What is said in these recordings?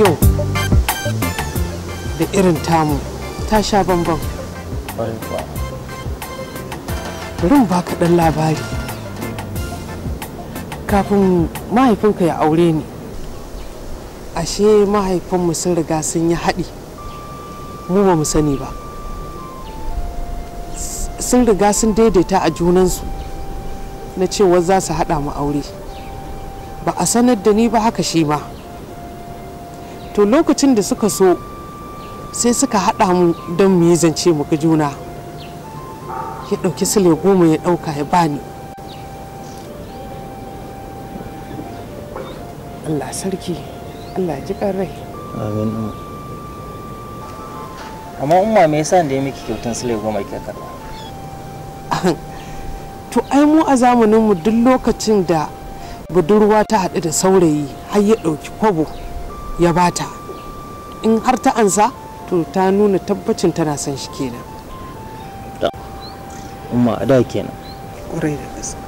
yau da irin tamu ta sha bambam bari mu baka ɗan labari kafin mahaifinka ya aure ni ashe mahaifinmu sun riga sun yi haɗi mu ba mu sani ba sun riga sun daidaita a junansu na cewa za su haɗa mu aure ba a sanar da ni ba haka shi ma to lokacin da suka so sai suka haɗa mu don mu yi zance mu ga juna ya ɗauki sule goma ya ɗauka ya bani allah sarki allah ji rai amin amma umma me yasa da ya miki kyautan sule goma ke karba to ai mu a zamaninmu duk lokacin da budurwa ta haɗu da saurayi har ya ɗauki kwabo ya bata in har ta ansa to ta nuna tabbacin tana son shi kenan umma da kenan ƙwarai da gaske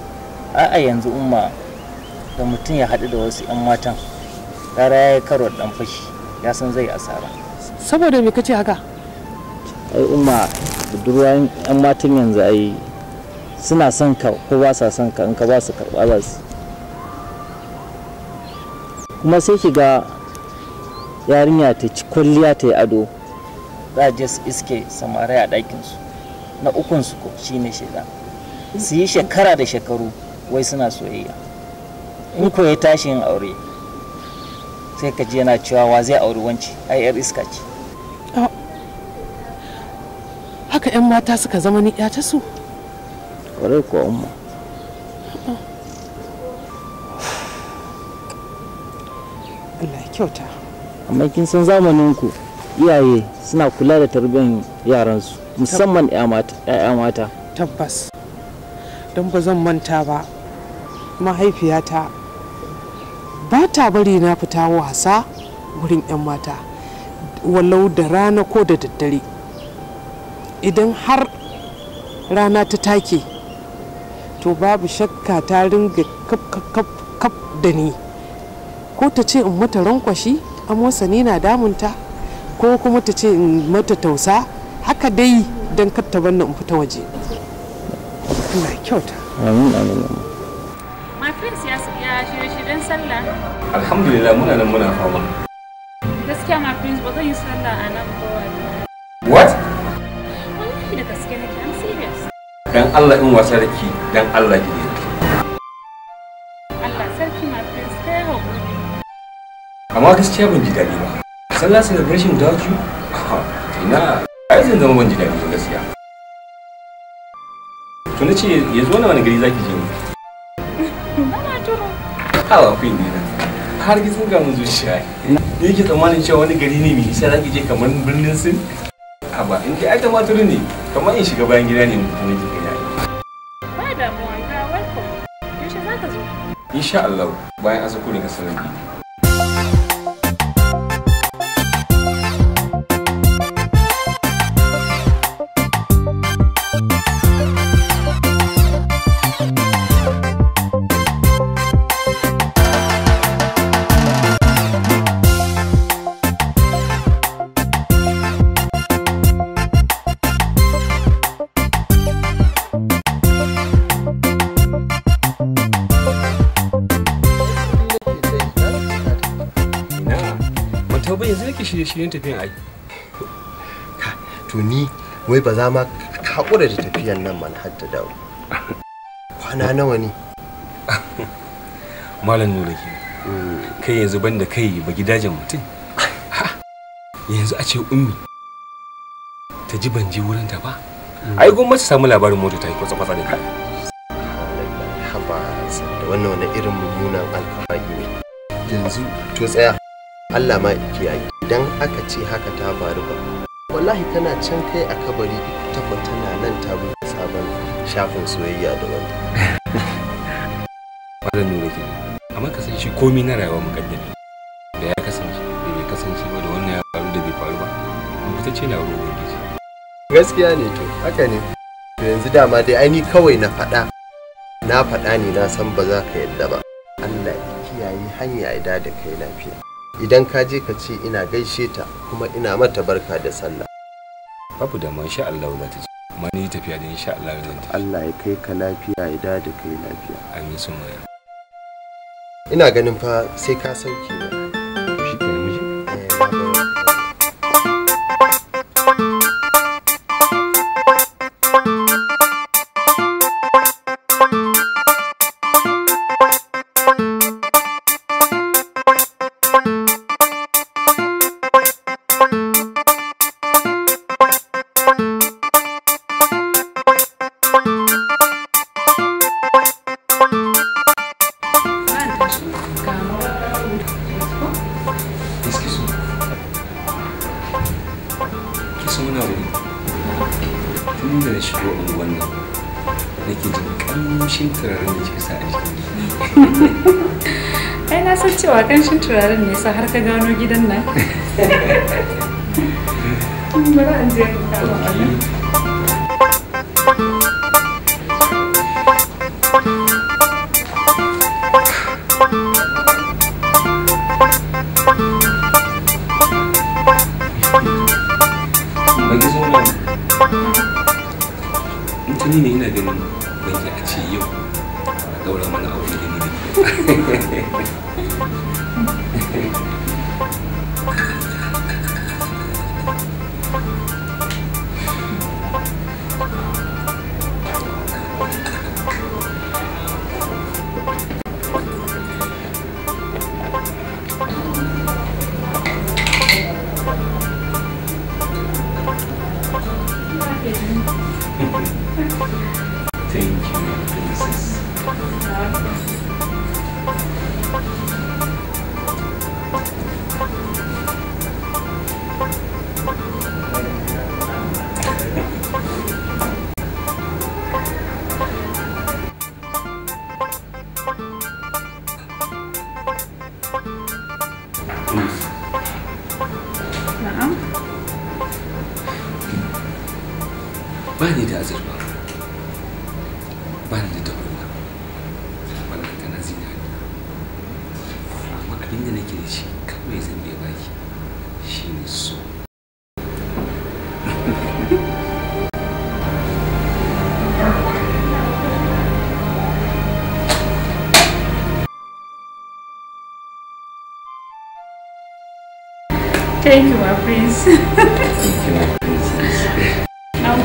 a yanzu umma da mutum ya haɗu da wasu 'yan matan rara ya yi karo ɗan fashi ya san zai asara saboda me kace haka ai umma budurwa 'yan matan yanzu ai suna son ka ko ba sa son ka in ka ba su karɓa ba su kuma sai ki ga yarinya ta ci kwalliya ta yi ado za a je su iske samarai a ɗakinsu na ukunsu ko shine shiga. su yi shekara da shekaru wai suna soyayya in ko ya tashi yin aure sai ka ji yana cewa wa zai auri wanci ai yar iska ce ah. haka 'yan mata suka zama ni ta su kwarai ko umma ah. Allah kyauta amma kin san zamanin ku iyaye suna kula da tarbiyyar yaransu musamman ya mata tabbas don ba zan manta ba mahaifiyata ba ta bari na fita wasa wurin 'yan mata walau da rana ko da daddare idan har rana ta take to babu shakka ta ringa kaf kaf kaf da ni ko ta ce in mata rankwashi amosa sani na damunta ko kuma ta ce in mata tausa haka dai don kar ta banna in fita waje Allah kyauta amin amin my friends ya shirye-shiryen sallah alhamdulillah muna nan muna fama gaskiya my friends ba zan yi sallah a nan ba what wallahi da gaske nake i'm serious dan Allah in wasa da dan Allah ki amma gaskiya ban ji daɗi ba sallah celebration da ku ina ai zan zama ban ji daɗi gaskiya to nace ya zo na wani gari zaki je ni bana turo hawa queen ne har ki tsinga mun zuciya ne yake tsammanin cewa wani gari ne mai nisa zaki je kamar birnin sin Aba, in kai ai tumatur ne kamar in shiga bayan gida ne mutum ne gida ba damuwa ka welcome yaushe zaka zo insha Allah bayan asako ne ka sanar shirye-shiryen tafiyan ai to ni wai ba za ma ka da tafiyan nan mana har ta dawo kwana nawa ne malam nuna ke hmm. kai yanzu banda kai ba gidajen mutum yanzu a ce ummi ta ji ban je wurin ta ba hmm. ai gwamnati ta samu labarin mota ta yi kwatsa-kwatsa da kai haba da wannan wani irin mummunan alfahari ne yanzu to tsaya Allah ma kiyaye idan aka ce haka ta faru ba wallahi kana can kai a kabari ta tana nan ta bude sabon shafin soyayya da wanda wannan ne yake amma ka san shi komai na rayuwa mukaddari da ya kasance da bai kasance ba da wannan ya faru da bai faru ba fita ce na ruwan ubangiji gaskiya ne to haka ne to yanzu dama dai aini kawai na faɗa na faɗa ne na san ba za ka yadda ba Allah ya kiyaye hanya ya da kai lafiya idan ka je ka ce ina gaishe ta kuma ina mata barka da sallah babu da man sha Allah za ta ji mani tafiya da insha Allah zan ta Allah ya kai ka lafiya ya da da kai lafiya amin sun ina ganin fa sai ka sauke ne shi ke turaren ne ya, sa har ka gano gidan nan bari an je ya. Bagi zuwa tuni nih ina ganin banki a ce yau a ɗaura mana aure da ni ni da azurfa ba ni da tagulla wannan zina zinari amma abinda nake da shi kawai zan iya baki shi ne so Thank you, my prince. Thank you.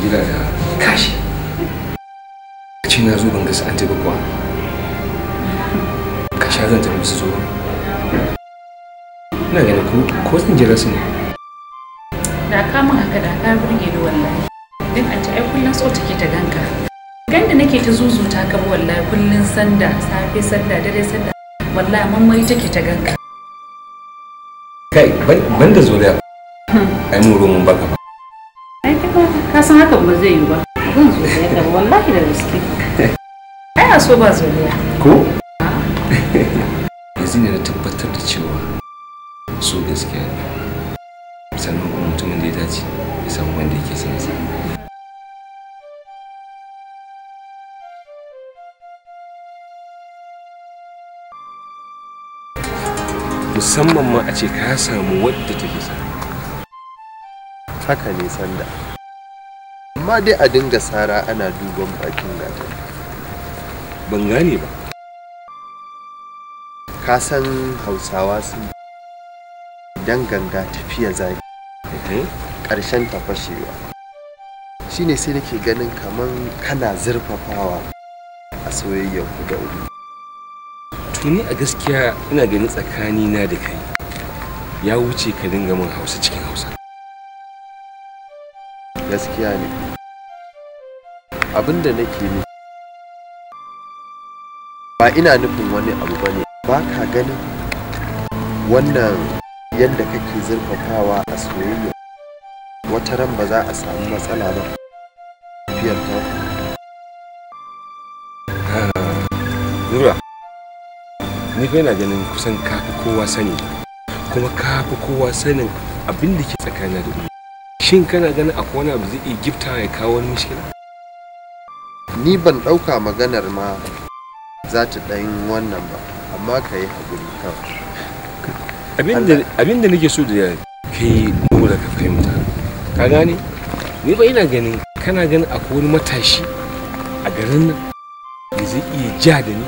sabila da kashi kacin na zo ban gasa an taɓa kuwa ka sha zan tafi su zo ina ganin ko ko zan jira su ne da ka mun haka da ka burge ni wallahi din an ci ai kullun so take ta ganka ganda nake ta zuzuta ka wallahi kullun sanda safe sanda dare sanda wallahi mammai take ta ganka kai ban da zo da hmm. ai mun rumun baka ba ai kuma ka san ba zai yi ba a so ba ko yanzu ne na tabbatar da cewa so gaskiya ne sannan kuma mutumin da ya dace ya samu wanda yake son sa musamman ma a ce ka samu wadda take sa haka ne sanda amma dai a dinga sara ana duban bakin gata ban gane ba ka san hausawa sun dan ganga tafiya zai ƙarshen eh? tafashewa shine sai nake ganin kaman kana zurfafawa a soyayyar ku da tuni a gaskiya ina ganin tsakani na da kai ya wuce ka dinga min hausa cikin hausa gaskiya ne abinda nake ne ba ina nufin wani abu ba ne ba ka ganin wannan yadda kake zurfafawa a soyayya wata ran ba za a samu matsala ba fiyar ta ah, Nura, ni fa yana ganin kusan kafi kowa sani kuma kafi kowa sanin abin da ke tsakanin da shin kana ganin akwai wani abu zai iya gifta ya kawo wani mishkila ni ban ɗauka maganar ma za ta ɗan wannan ba amma ka yi haƙuri kawai Abinda da nake so da kai nuna ka fahimta ka gane ni ba ina ganin kana ganin akwai wani matashi a garin nan da zai iya ja da ni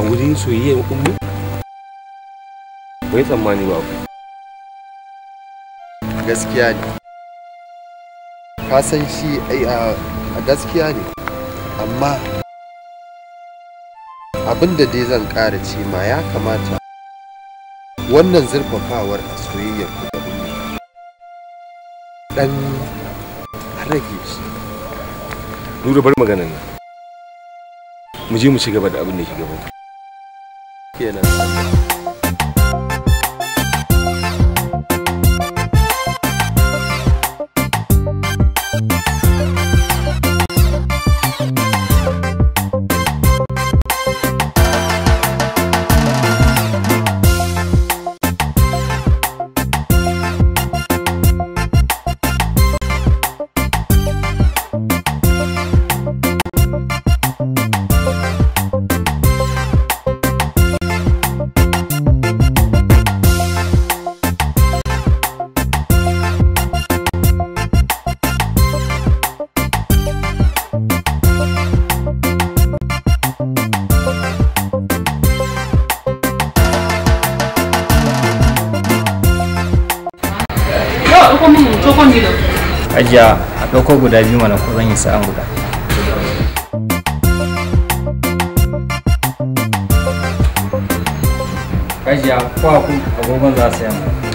a wurin soyayyar ummi bai tsammani ba gaskiya ne ka san shi eh, a gaskiya ne amma abin da dai zan ƙara ce ma ya kamata wannan zurfafawar a soyayyar ku da dan rage shi duru bar maganar nan mu je mu ci gaba da abin da ke gaba kenan ajiya a ɗauko guda biyu mana ko zan yi sa'an guda ajiya ko agogon za su yamma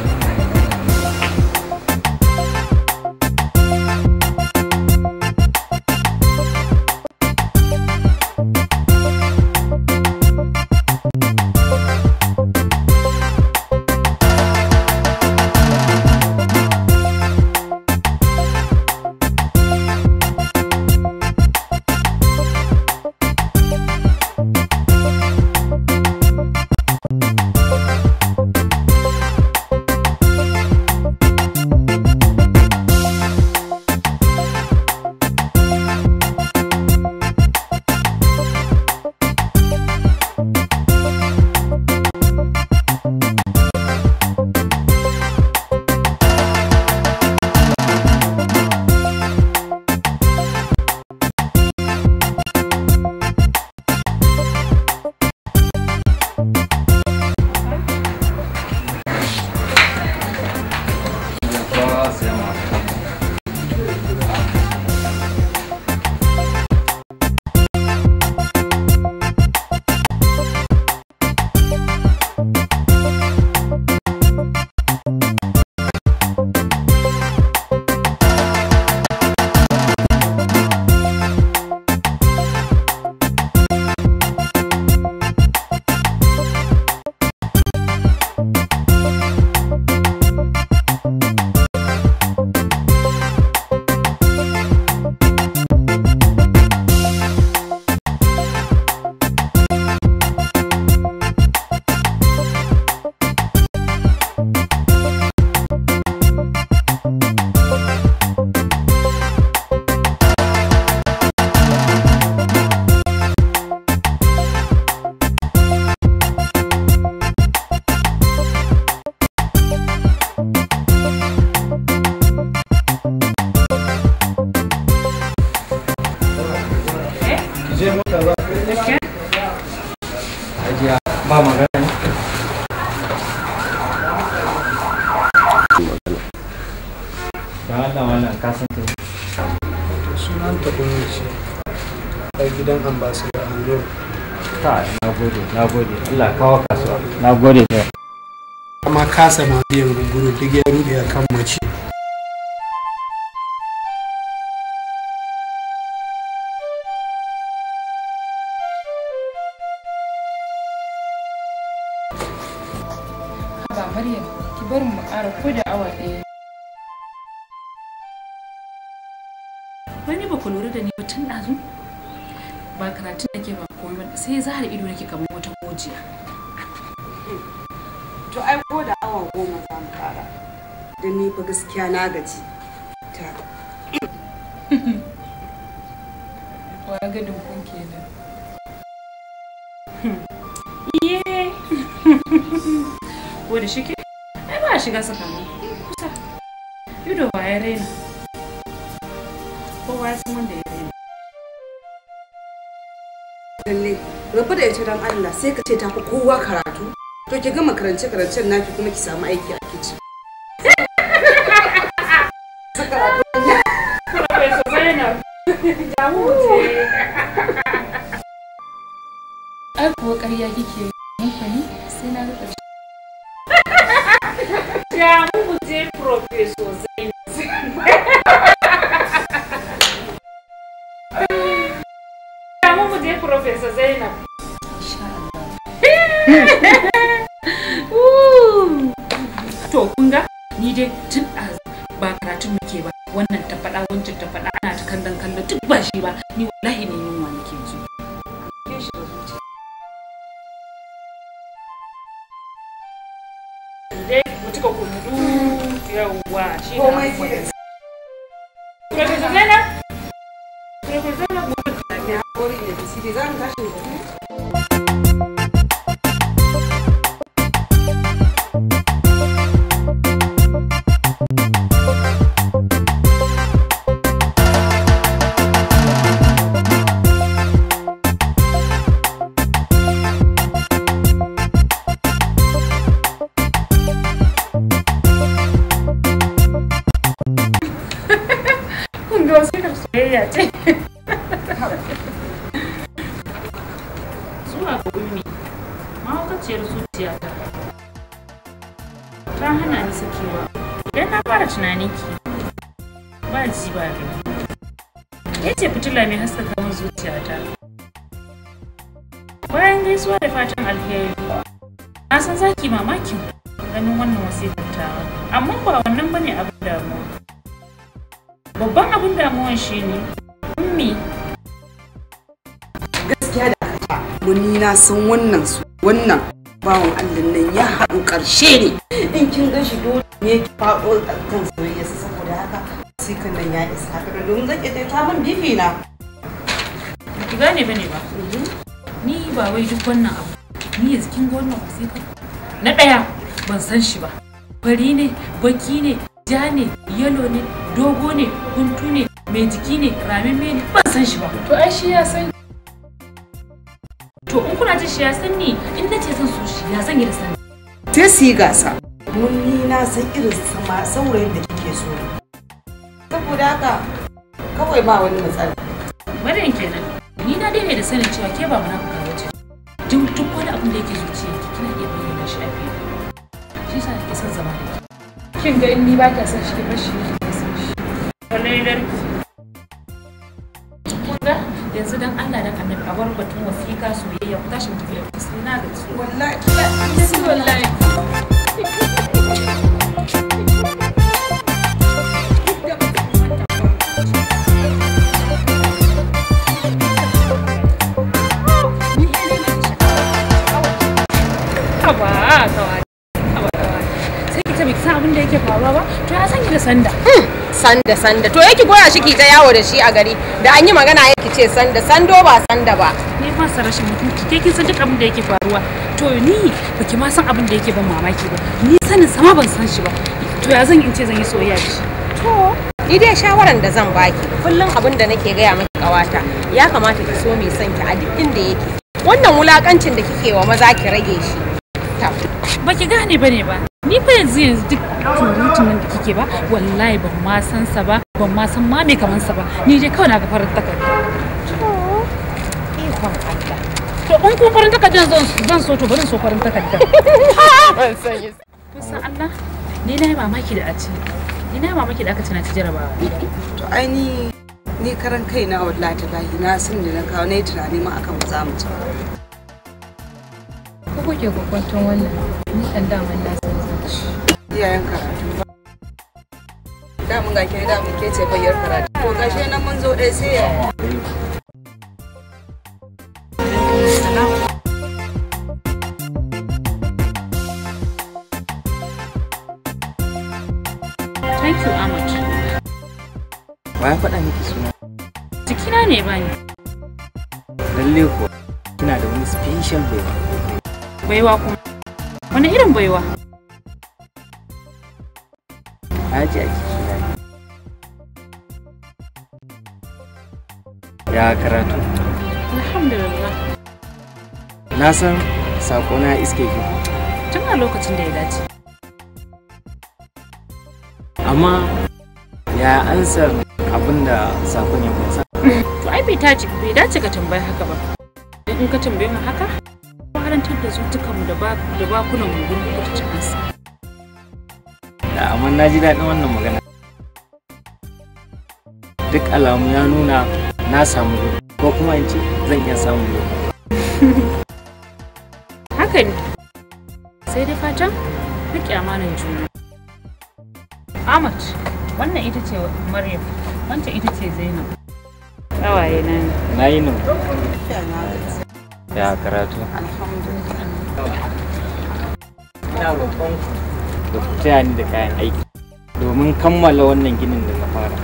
ta kunye shi a gidan ambasada hannu ta na gode na gode allah kawo kasuwa na gode ta amma kasa ma biyan gunguru duk ya rude a kan mace Maryam, ki bari mu ƙara ko da awa ɗaya ku lura da ni ba tun ɗazu ba karatun nake ba komai sai zahar ido nake kamar wata gojiya to ai ko da awa goma za mu fara da ni ba gaskiya na gaji ta wa ga dunkun kenan iye ko da shike ai ba shiga sakamakon kusa ido ba ya raina kowa ya lalle rabu da ita dan Allah sai ka ce ta fi kowa karatu to ki gama karance karancen naki kuma ki samu aiki a kici Ai kuwa ƙarya kike yi. dai tun a ba karatun muke ba wannan ta faɗa wancan ta faɗa ana ta kallon kallo duk ba shi ba ni wallahi ne yunwa nake ji dai mu cika kundu yawwa Profesor zuciyata. Bayan gaisuwa da fatan alheri, na san zaki mamakin ganin wannan wasiƙar amma ba wannan bane abin damuwa. Babban abin damuwan shi ne? ummi. Gaskiya da aka wani na san wannan su wannan bawan Allah nan ya haɗu ƙarshe ne. In kin ga shi dole ne ki faɗo kan soyayya saboda haka sikan nan ya isa haka domin zan iya ta min bibi na. ki gane ba ne ba ni ba wai duk wannan abu ni yanzu kin ga wannan na ɗaya ban san shi ba fari ne baki ne ja ne yalo ne dogo ne guntu ne mai jiki ne ramimme ne ban san shi ba to ai shi ya san to in kuna jin shi ya san ni in ce zan so shi ya zan yi da sai su yi gasa mun ni na san irin sama saurayin da kike so saboda haka kawai ba wani matsala madan kenan ni na daina da sanin cewa ke ba mana kuka wace duk duk wani abin da yake zuciya ki kina iya bayyana shi a fili shi yasa nake son zama da ke kin ga in ni ba ka san shi ki bar shi ki ba san shi wallahi yanzu dan Allah dan annabi a bar batun wasiƙa soyayya ku tashi mu tafi sai na ga wallahi wallahi haba kawai sai ki ce biki yake faruwa ba to ya san ki da sanda hmm, sanda sanda to yake goya shi ki ta yawo da shi a gari da an yi magana yake ce sanda sando ba sanda ba ni ba sa rashin mutunci ke kin san duk abin da yake faruwa to ni baki ma san abin da yake ban mamaki ba ni sanin sama ban san shi ba to ya zan in ce zan yi soyayya da shi to ni dai shawaran da zan baki kullum abin da nake gaya miki kawata ya kamata ki so mai son ki a duk inda yake wannan wulakancin da kike wa maza ki rage shi ba ki gane ba ne ba ni fa yanzu yanzu duk surutun da kike ba wallahi ban ma san sa ba ban ma san ma me kaman sa ba ni je kawai na ga farin To ikon Allah to in kun farin takardar zan so to bari so farin takardar ban san yi san Allah ni na yi mamaki da a ce ni na yi mamaki da aka ce na ci jarabawa to ai ni ni karan kaina wallahi ta na san da na kawo ne tunani ma akan ba za mu ci ku kuke kwakwaton wannan ni dan daman na san zance iyayen karatu ba damun ga ke damun ke ce bayyar karatu to gashe nan mun zo ɗaya sai ya Thank you, Ahmad. Wa ya faɗa miki suna? Jikina ne bani. Lalle kuwa, kina da wani special baby. Baiwa kuma. Wani irin baiwa? Haji ake suna. Ya karatu. Alhamdulillah. Na san na iske ki. Tun a lokacin da ya dace. Amma ya ansa abin da sakon ya kusa. To ai bai dace ka tambaya haka ba. In ka tambaye mu haka? karantar da zutukanmu da bakunan mu gurin kurcinansa. Amma na ji daɗin wannan magana. Duk alamu ya nuna na samu gudu ko kuma in ce zan iya samun gudu. Haka ne, sai dai fatan riƙe amanar juna. Ahmad, wannan ita ce Maryam, wancan ita ce Zainab. Kawaye na ne. Na yi nan. ya karatu ina roƙon da ku taya ni da kayan aiki domin kammala wannan ginin da na fara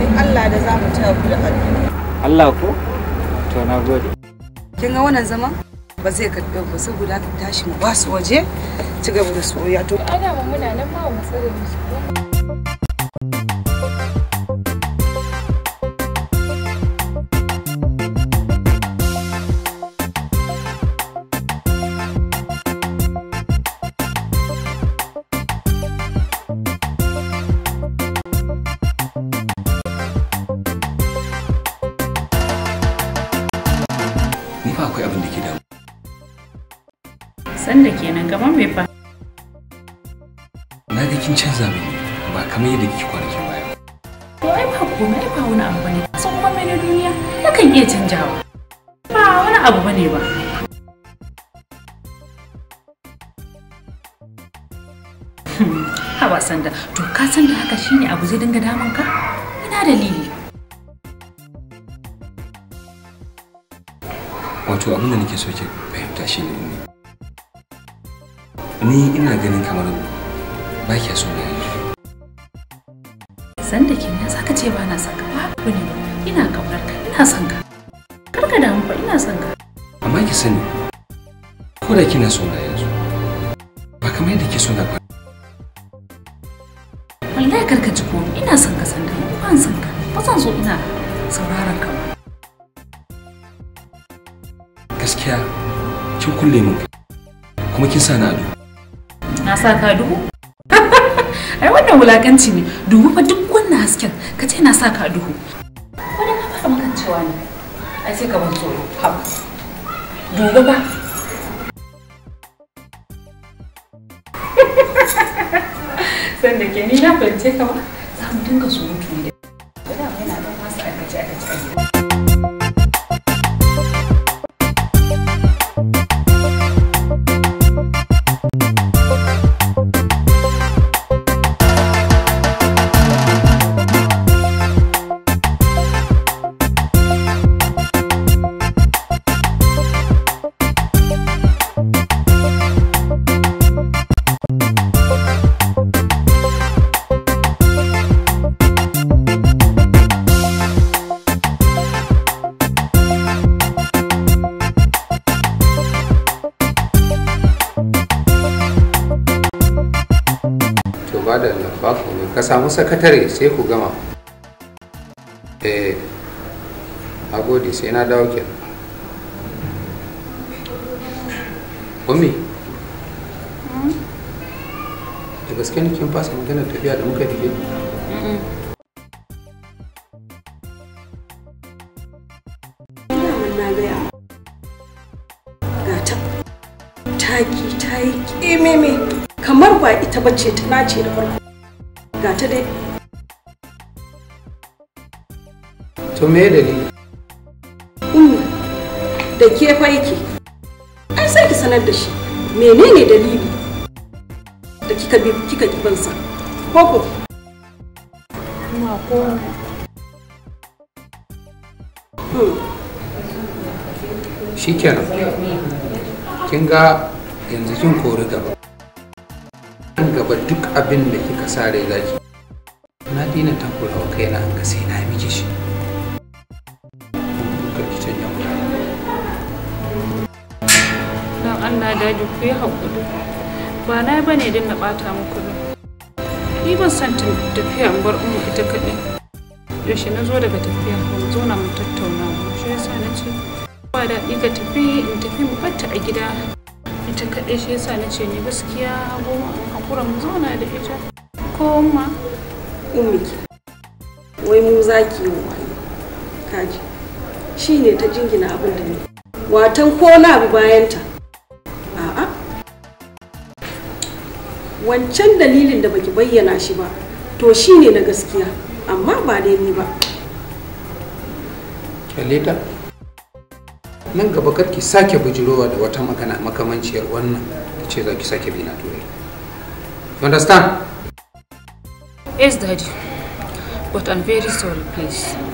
in Allah da za mu taya ku da ƙarfi Allah ko to na gode kin ga wannan zaman ba zai karɓe ku saboda ka tashi mu ba su waje ci gaba da soyayya to ana muna nan ma mu tsare musu sanda kenan gaban mai fa na ga kin canza mini ba kamar yadda kike kwanakin baya to ai ba komai ba wani abu bane san komai na duniya yakan iya canjawa ba wani abu bane ba hmm, haba sanda to ka san da haka shine abu zai dinga damun ka ina dalili wato abin da nake so ki fahimta shine ne ni ina ganin kamar ba kya so na yi san da ke me ka ce ba na son ka ba ne ina kaunar ka ina son ka kar ka damu ba ina son ka amma ki sani ko da kina so na yanzu ba kamar yadda ke so na ba wallahi kar ka ji ko ina son ka san da ban son ka ba zan so ina sauraron ka gaskiya kin kulle min kuma kin sa na ado na sa ka duhu ai wannan wulakanci ne dubu fa duk wannan hasken ka ce na sa ka duhu wani ka fara makancewa ne ai sai ka ban tsoro haba dubu ba san da ke ni na fahimce ka ba za mu dinga surutu ne sakatare sai ku gama eh agodi sai na dawo ke. Omi, da gaske ne kin fasa maganar tafiya da muka dike taki ta yi kememe kamar ba ita bace ta nace da farko ga ta dai to me da ni umma da ke fa yake ai sai ki sanar da shi menene dalili da kika bi kika kibansa koko ina komai mm. shikenan kin ga yanzu kin kori gaba nan gaba duk abin da kika sa rai zaki na dina takura wa kaina an ga sai na miji shi don Allah daji ku yi ba na ba ne don na ɓata muku ni ban san tafiya an bar umu ita kadai. yaushe na zo daga tafiya zo na mu tattauna shi yasa na ce ba daɗi ka tafi in tafi mu fata a gida ita kaɗai shi yasa na ce ni gaskiya goma hakura mu zauna da ita ko ma umiki wai mu zaki yi wa kaji shi ne ta jingina abin da ni watan ko na bi bayanta a'a wancan dalilin da baki bayyana shi ba to shi ne na gaskiya amma ba dai ni ba nan gaba kar ki sake bujirowa da wata magana makamanciyar wannan da ce za ki sake bina turai you understand yes daddy but i'm very sorry please